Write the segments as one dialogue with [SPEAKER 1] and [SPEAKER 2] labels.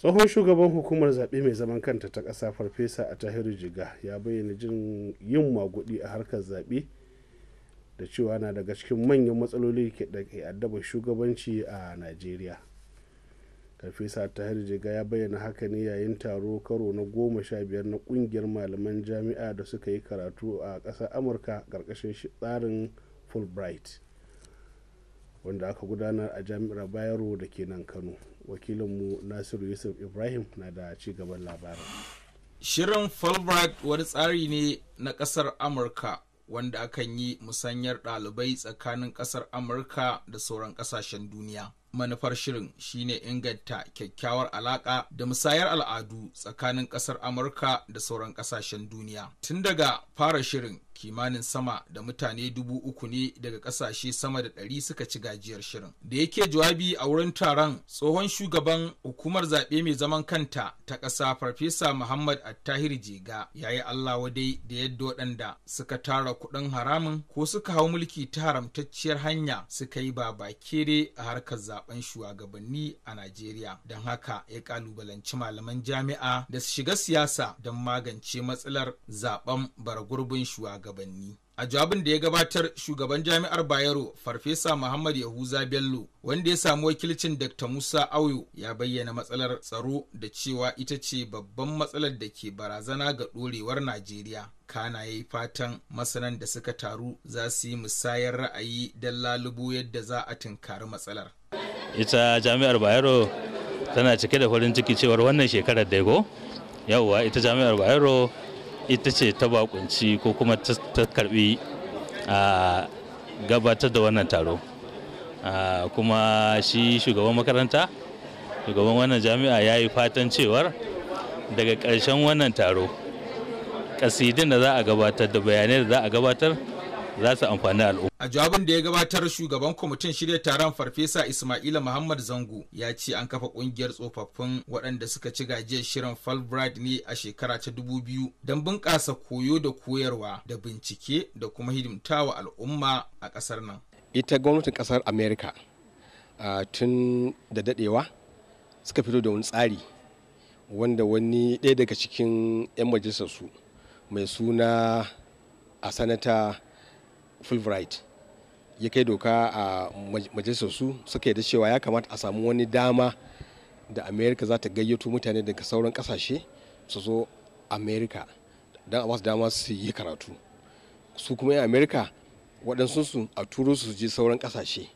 [SPEAKER 1] tsohon shugaban hukumar zaɓe mai zaman kanta ta ƙasa farfesa a tahiru jiga ya bayyana jin yin maguɗi a harkar zaɓe da cewa na daga cikin manyan matsaloli ke ke addaba shugabanci a najeriya farfesa tahiru jiga ya bayyana haka ne yayin taro karo na goma sha biyar na ƙungiyar malaman jami'a da suka yi karatu a ƙasar amurka ƙarƙashin tsarin fulbright wanda aka gudanar a jami'ar bayero da ke nan kano wakilinmu nasiru yusuf ibrahim na da ci gaban labarin shirin
[SPEAKER 2] fulbright wani tsari ne na kasar amurka wanda akan yi musanyar ɗalibai tsakanin kasar amurka da sauran kasashen duniya manufar shirin shine inganta kyakkyawar alaƙa da musayar al'adu tsakanin kasar amurka da sauran kasashen duniya tun daga fara shirin kimanin sama da mutane dubu uku ne daga kasashe sama da ɗari suka ci gajiyar shirin da yake jawabi a wurin taron tsohon shugaban hukumar zaɓe mai zaman kanta ta ƙasa farfesa muhammad attahir jega ya yi allah wadai da yadda waɗanda suka tara kuɗin haramun ko suka hau mulki ta haramtacciyar hanya suka yi ba kere a harkar zaben shugabanni a najeriya don haka ya ƙalubalanci malaman jami'a da su shiga siyasa don magance matsalar zaben bargurbin shugabanni shugabanni. A jawabin da ya gabatar shugaban jami'ar Bayero Farfesa Muhammad Yahuza Bello wanda ya samu wakilcin Dr. Musa Auyo ya bayyana matsalar tsaro da cewa ita ce babban matsalar da ke barazana ga ɗorewar Najeriya. Kana ya yi fatan masanan da suka taru za su yi musayar ra'ayi don lalubo yadda za a tunkari matsalar.
[SPEAKER 3] Ita jami'ar Bayero tana cike da farin ciki cewar wannan shekarar dago. Yawwa ita jami'ar Bayero ita ce ta bakunci ko kuma ta karbi a gabatar da wannan taro kuma shi shugaban makaranta shugaban wannan jami'a ya yi fatan cewar daga ƙarshen wannan taro kasidin da za a gabatar da bayanai da za a gabatar za su amfani al'umma.
[SPEAKER 2] A jawabin da ya gabatar shugaban kwamitin shirya taron farfesa Ismaila Muhammad Zango ya ce an kafa kungiyar tsofaffin waɗanda suka ci gajiyar shirin Fulbright ne a shekara ta dubu biyu don bunƙasa koyo da koyarwa da bincike da kuma hidimtawa al'umma
[SPEAKER 4] a ƙasar nan. Ita gwamnatin ƙasar Amerika tun da daɗewa suka fito da wani tsari wanda wani ɗaya daga cikin 'yan majalisarsu mai suna a sanata fulbright ya kai doka a majalisar su suka da cewa ya kamata a samu wani dama da america za ta gayyato mutane daga sauran kasashe su zo america don a basu dama su yi karatu su kuma yan amerika waɗansu su a turo su je sauran kasashe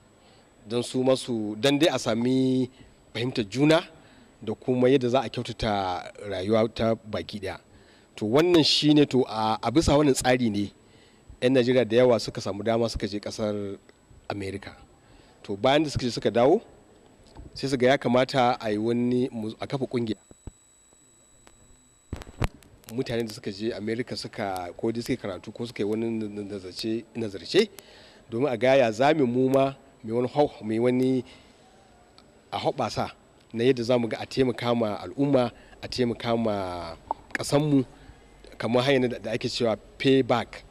[SPEAKER 4] don su masu don dai a sami fahimtar juna da kuma yadda za a kyautata rayuwa ta baki ɗaya to wannan shine to a bisa wannan tsari ne 'yan najeriya da yawa suka samu dama suka je kasar Amerika to bayan da suka je suka dawo sai su ga ya kamata a yi wani a kafa kungiya mutane da suka je america suka ko dai suka karatu ko suka yi wani nazarce domin a gaya za mu mu ma mai wani a hoɓasa na yadda za mu ga a taimaka ma al'umma a taimaka ma ƙasanmu kamar hanyar da ake cewa payback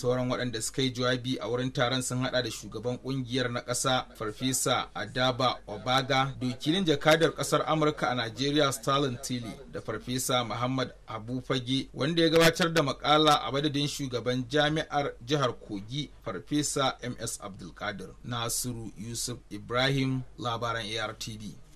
[SPEAKER 2] sauran waɗanda suka yi jawabi a wurin taron sun hada da shugaban kungiyar na ƙasa farfesa adaba obaga dokilin jakadar ƙasar amurka a najeriya stalin tilly da farfesa muhammad Abufage, wanda ya gabatar da makala a madadin shugaban jami'ar jihar kogi farfesa ms abdulkadir nasiru yusuf ibrahim labaran artv